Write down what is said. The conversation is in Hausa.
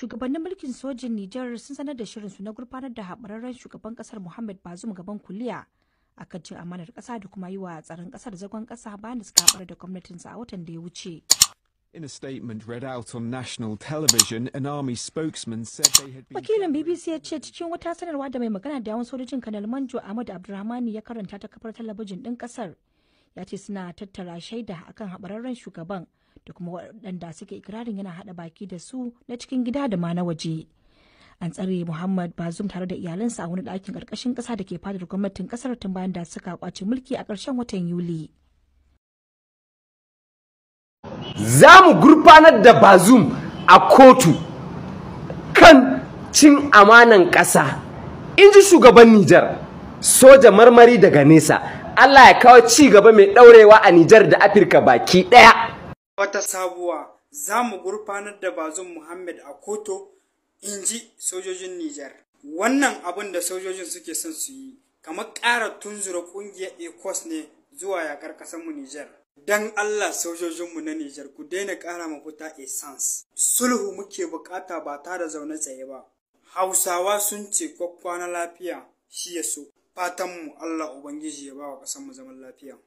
shugabannin mulkin sojin Nijar sun sanar da shirinsu na gurfanar da haɓararren shugaban ƙasar Muhammad Bazoum gaban kuliya a kan cin amanar kasa da kuma yi wa tsaron ƙasar zagon ƙasa bayan da suka haɓar da gwamnatinsa a watan da ya wuce. In a statement read out on national television, an army spokesman said they had been... Wakilin BBC ya ce cikin wata sanarwa da mai magana da yawan sojojin Kanal Manjo Ahmad Abdulrahmani ya karanta ta kafar talabijin ɗin ƙasar. Ya ce suna tattara shaida akan haɓararren shugaban da kuma waɗanda suke ikirarin yana haɗa baki da su na cikin gida da ma na waje. An tsare Muhammad Bazum tare da iyalansa a wani ɗakin ƙarƙashin ƙasa da ke fadar gwamnatin ƙasar tun bayan da suka kwace mulki a ƙarshen watan Yuli. Za mu gurfanar da Bazum a kotu kan cin amanan ƙasa. In ji shugaban Nijar, soja marmari daga nesa, Allah ya kawo ci gaba mai ɗaurewa a Nijar da Afirka baki ɗaya. wata sabuwa za mu gurfanar da bazum muhammad a koto in ji sojojin nijar wannan abin da sojojin suke son su yi kamar ƙara tunzura ƙungiyar ecos ne zuwa yakar ƙasarmu nijar Dan allah sojojinmu na nijar ku daina ƙara mafuta essence sulhu muke bukata ba ta da zaune tsaye ba hausawa sun ce kwakwa na lafiya shi ya so fatanmu allah ubangiji ya ba wa ƙasarmu zaman lafiya